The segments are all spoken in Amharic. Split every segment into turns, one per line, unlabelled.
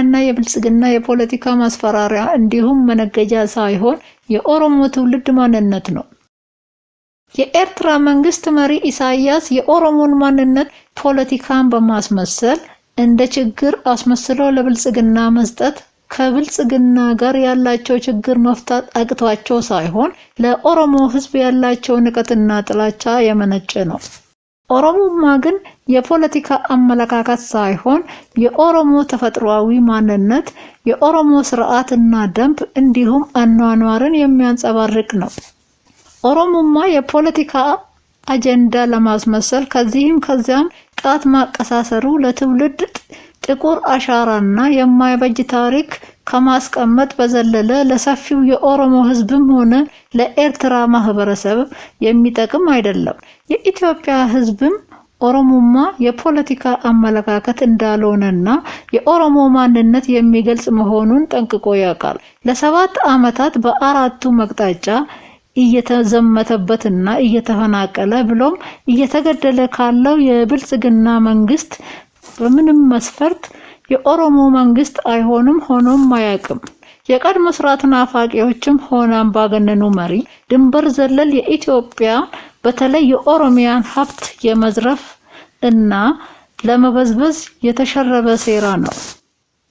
እና የብልጽግና የፖለቲካ ማስፈራሪያ እንዲሁም መነገጃ ሳይሆን የኦሮሞ ትውልድ ማንነት ነው። የኤርትራ መንግስት መሪ ኢሳያስ የኦሮሞን ማንነት ፖለቲካን በማስመሰል እንደ ችግር አስመስለው ለብልጽግና መስጠት ከብልጽግና ጋር ያላቸው ችግር መፍታት አቅቷቸው ሳይሆን ለኦሮሞ ሕዝብ ያላቸው ንቀትና ጥላቻ የመነጨ ነው። ኦሮሞማ ግን የፖለቲካ አመለካከት ሳይሆን የኦሮሞ ተፈጥሯዊ ማንነት፣ የኦሮሞ ስርዓት እና ደንብ እንዲሁም አኗኗርን የሚያንጸባርቅ ነው። ኦሮሞማ የፖለቲካ አጀንዳ ለማስመሰል ከዚህም ከዚያም ጣት ማቀሳሰሩ ለትውልድ ጥቁር አሻራና የማይበጅ ታሪክ ከማስቀመጥ በዘለለ ለሰፊው የኦሮሞ ህዝብም ሆነ ለኤርትራ ማህበረሰብ የሚጠቅም አይደለም። የኢትዮጵያ ህዝብም ኦሮሞማ የፖለቲካ አመለካከት እንዳልሆነና የኦሮሞ ማንነት የሚገልጽ መሆኑን ጠንቅቆ ያውቃል። ለሰባት ዓመታት በአራቱ መቅጣጫ እየተዘመተበትና እየተፈናቀለ ብሎም እየተገደለ ካለው የብልጽግና መንግስት በምንም መስፈርት የኦሮሞ መንግስት አይሆንም ሆኖም አያውቅም። የቀድሞ ስርዓት ናፋቂዎችም ሆነ አምባገነኑ መሪ ድንበር ዘለል የኢትዮጵያ በተለይ የኦሮሚያን ሀብት የመዝረፍ እና ለመበዝበዝ የተሸረበ ሴራ ነው።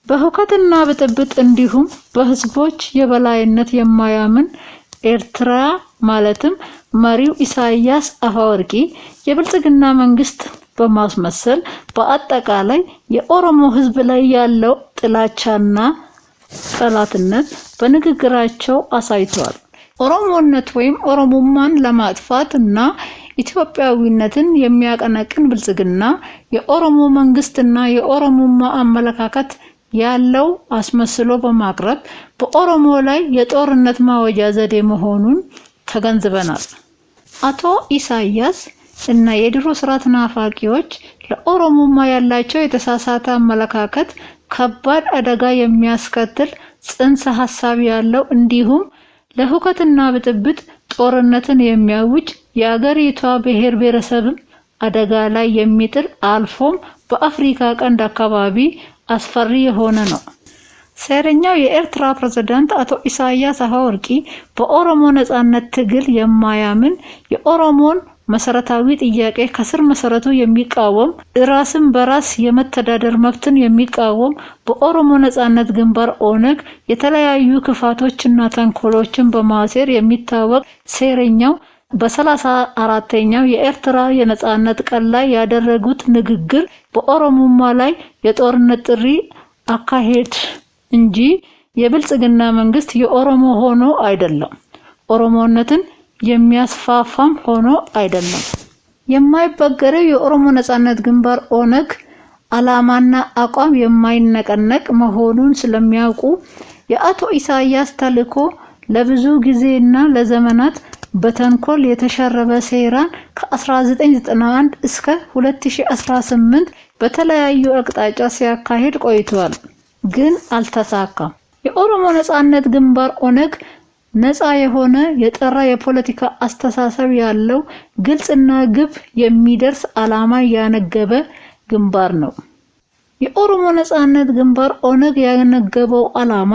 በሁከትና ብጥብጥ እንዲሁም በህዝቦች የበላይነት የማያምን ኤርትራ ማለትም መሪው ኢሳያስ አፈወርቂ የብልጽግና መንግስት በማስመሰል በአጠቃላይ የኦሮሞ ህዝብ ላይ ያለው ጥላቻና ጠላትነት በንግግራቸው አሳይተዋል። ኦሮሞነት ወይም ኦሮሞማን ለማጥፋት እና ኢትዮጵያዊነትን የሚያቀነቅን ብልጽግና የኦሮሞ መንግስት እና የኦሮሞማ አመለካከት ያለው አስመስሎ በማቅረብ በኦሮሞ ላይ የጦርነት ማወጃ ዘዴ መሆኑን ተገንዝበናል። አቶ ኢሳያስ እና የድሮ ስርዓት ናፋቂዎች ለኦሮሞማ ያላቸው የተሳሳተ አመለካከት ከባድ አደጋ የሚያስከትል ጽንሰ ሀሳብ ያለው እንዲሁም ለሁከትና ብጥብጥ ጦርነትን የሚያውጅ የአገሪቷ ብሔር ብሔረሰብም አደጋ ላይ የሚጥል አልፎም በአፍሪካ ቀንድ አካባቢ አስፈሪ የሆነ ነው። ሴረኛው የኤርትራ ፕሬዝዳንት አቶ ኢሳያስ አፈወርቂ በኦሮሞ ነጻነት ትግል የማያምን የኦሮሞን መሰረታዊ ጥያቄ ከስር መሰረቱ የሚቃወም ራስን በራስ የመተዳደር መብትን የሚቃወም በኦሮሞ ነጻነት ግንባር ኦነግ የተለያዩ ክፋቶችና ተንኮሎችን በማሴር የሚታወቅ ሴረኛው በሰላሳ አራተኛው የኤርትራ የነጻነት ቀን ላይ ያደረጉት ንግግር በኦሮሞማ ላይ የጦርነት ጥሪ አካሄድ እንጂ የብልጽግና መንግስት የኦሮሞ ሆኖ አይደለም። ኦሮሞነትን የሚያስፋፋም ሆኖ አይደለም። የማይበገረው የኦሮሞ ነጻነት ግንባር ኦነግ ዓላማና አቋም የማይነቀነቅ መሆኑን ስለሚያውቁ የአቶ ኢሳያስ ተልዕኮ ለብዙ ጊዜና ለዘመናት በተንኮል የተሸረበ ሴራን ከ1991 እስከ 2018 በተለያዩ አቅጣጫ ሲያካሂድ ቆይቷል፣ ግን አልተሳካም። የኦሮሞ ነጻነት ግንባር ኦነግ ነፃ የሆነ የጠራ የፖለቲካ አስተሳሰብ ያለው ግልጽና ግብ የሚደርስ ዓላማ ያነገበ ግንባር ነው። የኦሮሞ ነፃነት ግንባር ኦነግ ያነገበው ዓላማ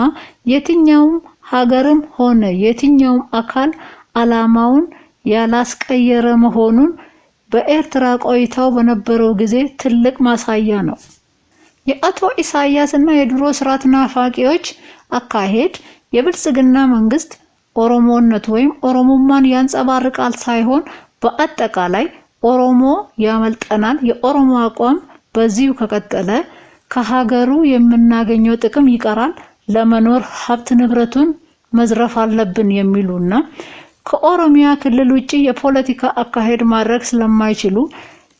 የትኛውም ሀገርም ሆነ የትኛውም አካል ዓላማውን ያላስቀየረ መሆኑን በኤርትራ ቆይታው በነበረው ጊዜ ትልቅ ማሳያ ነው። የአቶ ኢሳያስ እና የድሮ ስርዓት ናፋቂዎች አካሄድ የብልጽግና መንግስት ኦሮሞነት ወይም ኦሮሞማን ያንጸባርቃል ሳይሆን በአጠቃላይ ኦሮሞ ያመልጠናል፣ የኦሮሞ አቋም በዚሁ ከቀጠለ ከሀገሩ የምናገኘው ጥቅም ይቀራል፣ ለመኖር ሀብት ንብረቱን መዝረፍ አለብን የሚሉና ከኦሮሚያ ክልል ውጭ የፖለቲካ አካሄድ ማድረግ ስለማይችሉ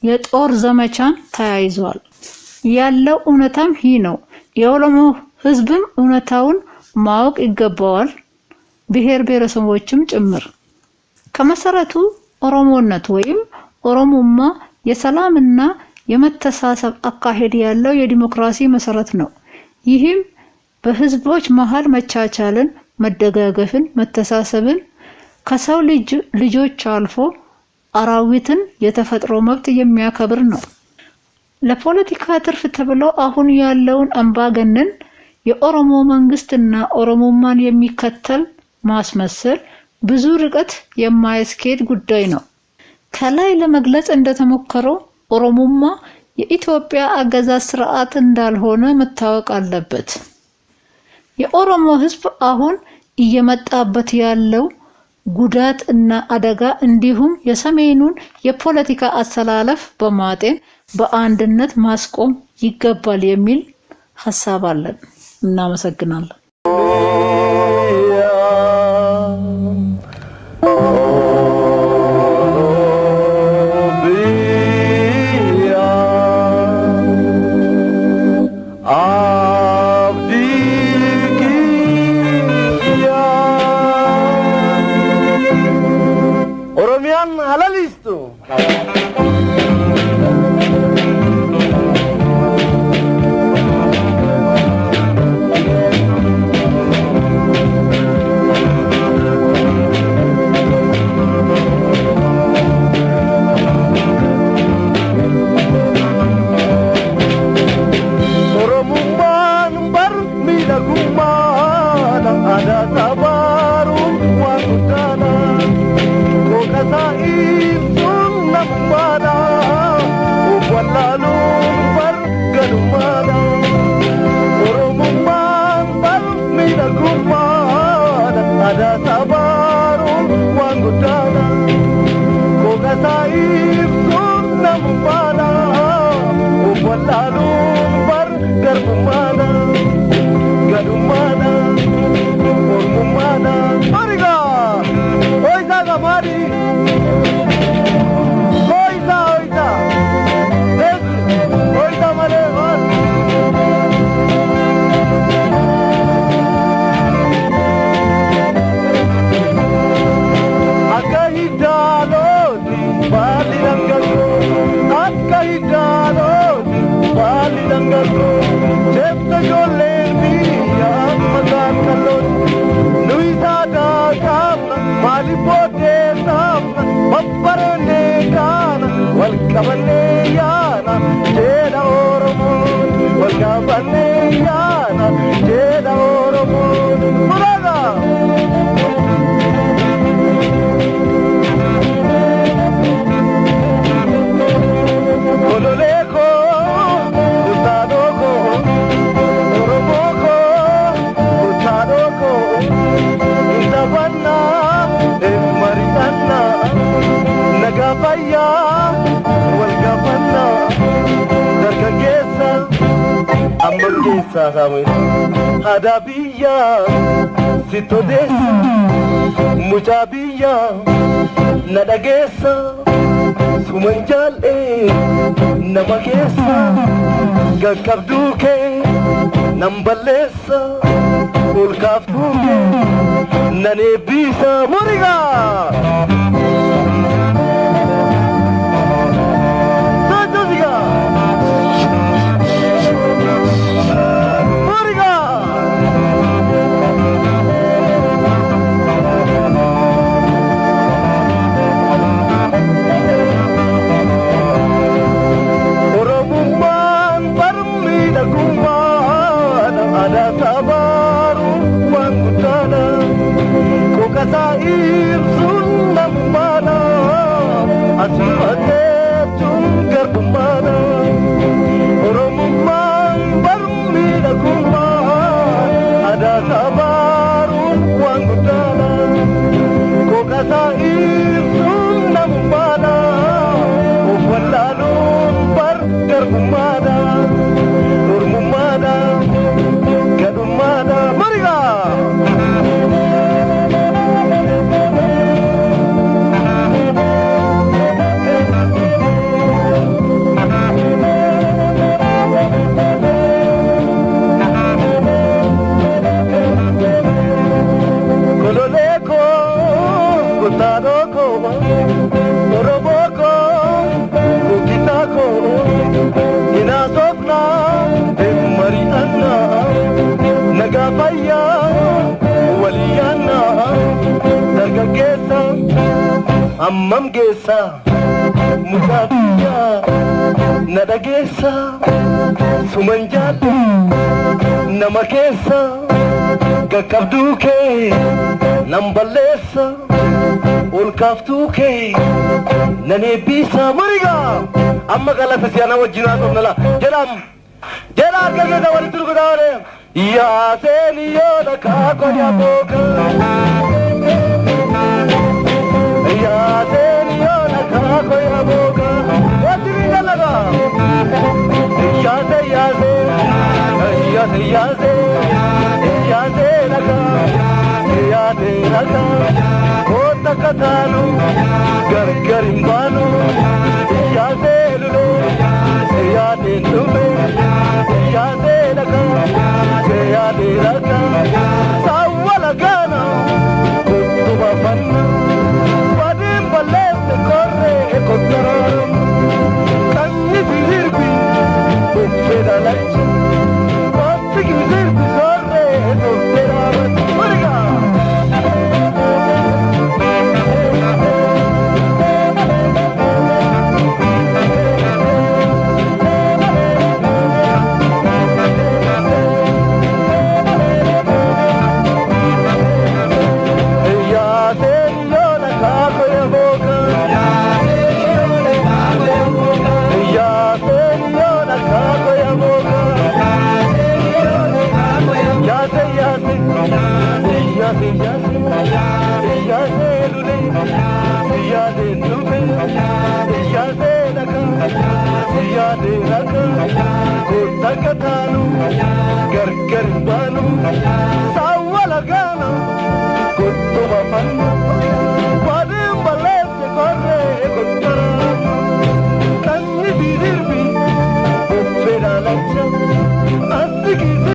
የጦር ዘመቻን ተያይዘዋል። ያለው እውነታም ይህ ነው። የኦሮሞ ህዝብም እውነታውን ማወቅ ይገባዋል። ብሔር ብሔረሰቦችም ጭምር ከመሰረቱ ኦሮሞነት ወይም ኦሮሞማ የሰላምና የመተሳሰብ አካሄድ ያለው የዲሞክራሲ መሰረት ነው። ይህም በህዝቦች መሀል መቻቻልን፣ መደጋገፍን፣ መተሳሰብን ከሰው ልጆች አልፎ አራዊትን የተፈጥሮ መብት የሚያከብር ነው። ለፖለቲካ ትርፍ ተብሎ አሁን ያለውን አምባገነን የኦሮሞ መንግስትና ኦሮሞማን የሚከተል ማስመሰል ብዙ ርቀት የማያስኬድ ጉዳይ ነው። ከላይ ለመግለጽ እንደተሞከረው ኦሮሞማ የኢትዮጵያ አገዛዝ ስርዓት እንዳልሆነ መታወቅ አለበት። የኦሮሞ ሕዝብ አሁን እየመጣበት ያለው ጉዳት እና አደጋ እንዲሁም የሰሜኑን የፖለቲካ አሰላለፍ በማጤን በአንድነት ማስቆም ይገባል የሚል ሀሳብ አለን። እናመሰግናለን።
tidak dan ada sabarul wangu dana Koga saib sun namu pada Umwala aadaa biyyaa sitti odeessa mucaa biyyaa na dhageessa suman jaal'e nama keessa gaqqabduu kee nan balleessa ol kaaftuu kee nan eebbiisa murigaa. taib sunnah hammam geessa mucaa biyyaa na dhageessa suman jaaddu nama keessa gaqqabduu kee nan balleessa ol kaaftuu kee nan eebbiisa marigaa amma galata siyaana wajjin haasofnala jedham jedha argageta walitti dhugudaane yaa seeni yoo dhakaa qodaa bookaa Ah, y دير ديا کو تک